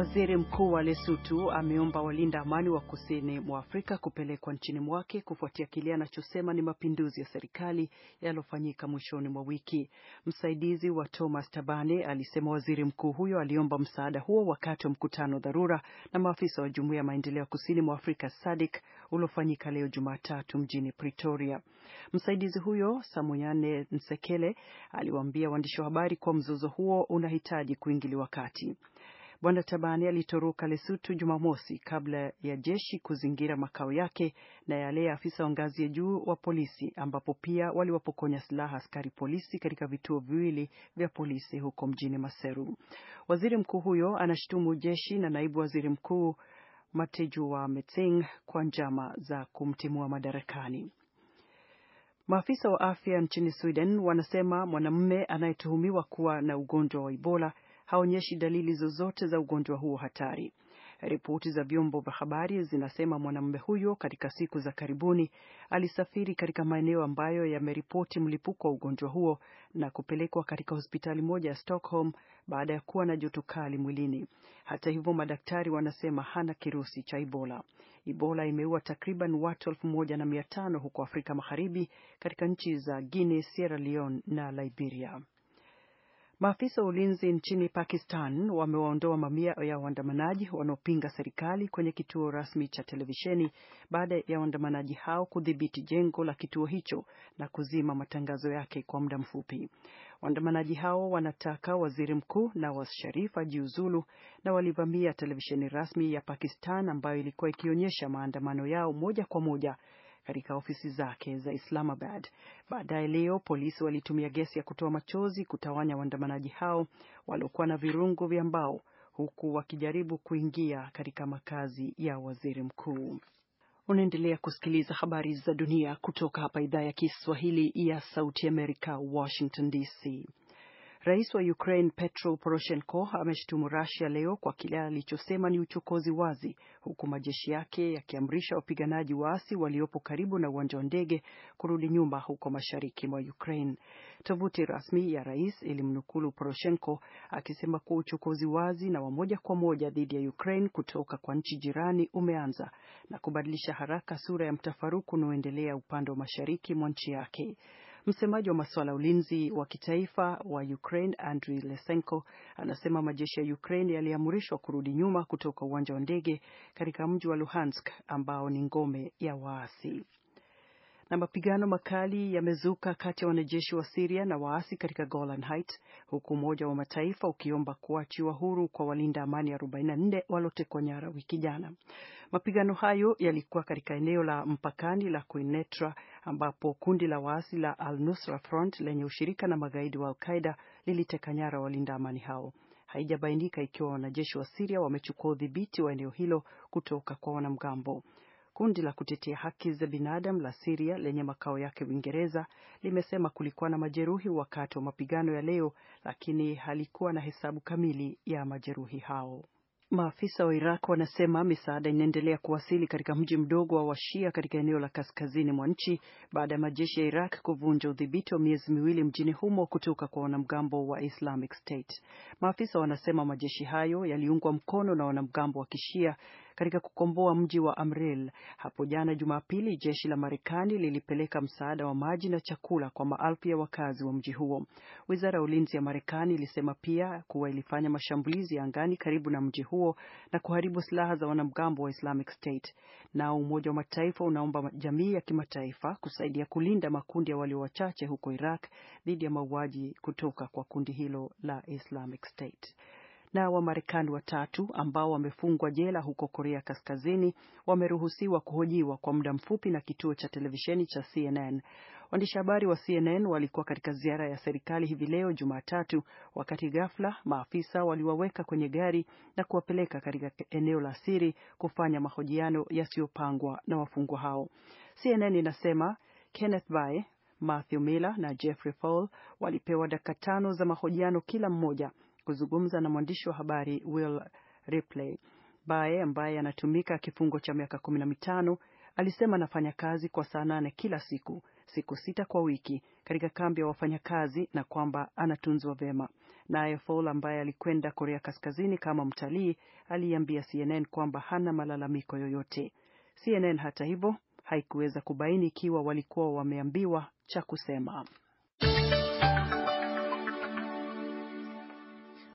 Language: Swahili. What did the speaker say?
Waziri Mkuu wa Lesutu ameomba walinda amani wa kusini mwa Afrika kupelekwa nchini mwake kufuatia kile anachosema ni mapinduzi ya serikali yaliyofanyika mwishoni mwa wiki. Msaidizi wa Thomas Tabane alisema waziri mkuu huyo aliomba msaada huo wakati wa mkutano dharura na maafisa wa Jumuiya ya Maendeleo ya Kusini mwa Afrika SADC uliofanyika leo Jumatatu mjini Pretoria. Msaidizi huyo Samuyane Nsekele aliwaambia waandishi wa habari kuwa mzozo huo unahitaji kuingiliwa kati. Bwana Tabane alitoroka Lesotho Jumamosi kabla ya jeshi kuzingira makao yake na yale ya afisa wa ngazi ya juu wa polisi, ambapo pia waliwapokonya silaha askari polisi katika vituo viwili vya polisi huko mjini Maseru. Waziri mkuu huyo anashutumu jeshi na naibu waziri mkuu Matejua Metsing kwa njama za kumtimua madarakani. Maafisa wa afya nchini Sweden wanasema mwanamume anayetuhumiwa kuwa na ugonjwa wa Ebola haonyeshi dalili zozote za ugonjwa huo hatari. Ripoti za vyombo vya habari zinasema mwanamume huyo katika siku za karibuni alisafiri katika maeneo ambayo yameripoti mlipuko wa ugonjwa huo na kupelekwa katika hospitali moja ya Stockholm baada ya kuwa na joto kali mwilini. Hata hivyo, madaktari wanasema hana kirusi cha Ebola. Ebola imeua takriban watu elfu moja na mia tano huko Afrika Magharibi katika nchi za Guinea, Sierra Leone na Liberia. Maafisa wa ulinzi nchini Pakistan wamewaondoa mamia ya waandamanaji wanaopinga serikali kwenye kituo rasmi cha televisheni baada ya waandamanaji hao kudhibiti jengo la kituo hicho na kuzima matangazo yake kwa muda mfupi. Waandamanaji hao wanataka waziri mkuu Nawaz Sharif ajiuzulu na walivamia televisheni rasmi ya Pakistan ambayo ilikuwa ikionyesha maandamano yao moja kwa moja katika ofisi zake za Islamabad. Baadaye leo polisi walitumia gesi ya kutoa machozi kutawanya waandamanaji hao waliokuwa na virungu vya mbao huku wakijaribu kuingia katika makazi ya waziri mkuu. Unaendelea kusikiliza habari za dunia kutoka hapa idhaa ya Kiswahili ya Sauti Amerika, Washington DC. Rais wa Ukraine Petro Poroshenko ameshutumu Russia leo kwa kile alichosema ni uchokozi wazi, huku majeshi yake yakiamrisha wapiganaji waasi waliopo karibu na uwanja wa ndege kurudi nyumba huko mashariki mwa Ukraine. Tovuti rasmi ya rais ilimnukulu Poroshenko akisema kuwa uchokozi wazi na wa moja kwa moja dhidi ya Ukraine kutoka kwa nchi jirani umeanza na kubadilisha haraka sura ya mtafaruku unaoendelea upande wa mashariki mwa nchi yake. Msemaji wa masuala ya ulinzi wa kitaifa wa Ukraine Andriy Lesenko anasema majeshi ya Ukraine yaliamrishwa kurudi nyuma kutoka uwanja wa ndege katika mji wa Luhansk ambao ni ngome ya waasi na mapigano makali yamezuka kati ya wanajeshi wa siria na waasi katika Golan Heights, huku Umoja wa Mataifa ukiomba kuachiwa huru kwa walinda amani 44 walotekwa nyara wiki jana. Mapigano hayo yalikuwa katika eneo la mpakani la Quneitra ambapo kundi la waasi la Al-Nusra Front lenye ushirika na magaidi wa al liliteka nyara walinda amani hao. Haijabainika ikiwa wanajeshi wa siria wamechukua udhibiti wa eneo hilo kutoka kwa wanamgambo. Kundi la kutetea haki za binadamu la Syria lenye makao yake Uingereza limesema kulikuwa na majeruhi wakati wa mapigano ya leo, lakini halikuwa na hesabu kamili ya majeruhi hao. Maafisa wa Iraq wanasema misaada inaendelea kuwasili katika mji mdogo wa Washia katika eneo la kaskazini mwa nchi baada ya majeshi ya Iraq kuvunja udhibiti wa miezi miwili mjini humo kutoka kwa wanamgambo wa Islamic State. Maafisa wanasema majeshi hayo yaliungwa mkono na wanamgambo wa Kishia katika kukomboa mji wa Amril. Hapo jana Jumapili, jeshi la Marekani lilipeleka msaada wa maji na chakula kwa maelfu ya wakazi wa mji huo. Wizara ya ulinzi ya Marekani ilisema pia kuwa ilifanya mashambulizi ya angani karibu na mji huo na kuharibu silaha za wanamgambo wa Islamic State. Nao Umoja wa Mataifa unaomba jamii ya kimataifa kusaidia kulinda makundi ya walio wachache huko Iraq dhidi ya mauaji kutoka kwa kundi hilo la Islamic State na Wamarekani watatu ambao wamefungwa jela huko Korea Kaskazini wameruhusiwa kuhojiwa kwa muda mfupi na kituo cha televisheni cha CNN. Waandishi habari wa CNN walikuwa katika ziara ya serikali hivi leo Jumatatu, wakati ghafla maafisa waliwaweka kwenye gari na kuwapeleka katika eneo la siri kufanya mahojiano yasiyopangwa na wafungwa hao. CNN inasema Kenneth Bae, Matthew Miller na Jeffrey Fall walipewa dakika tano za mahojiano kila mmoja kuzungumza na mwandishi wa habari Will Ripley. Bae ambaye anatumika kifungo cha miaka kumi na mitano alisema anafanya kazi kwa saa nane kila siku, siku sita kwa wiki katika kambi ya wafanyakazi na kwamba anatunzwa vyema. Naye Fall ambaye alikwenda Korea Kaskazini kama mtalii aliambia CNN kwamba hana malalamiko yoyote. CNN hata hivyo haikuweza kubaini ikiwa walikuwa wameambiwa cha kusema.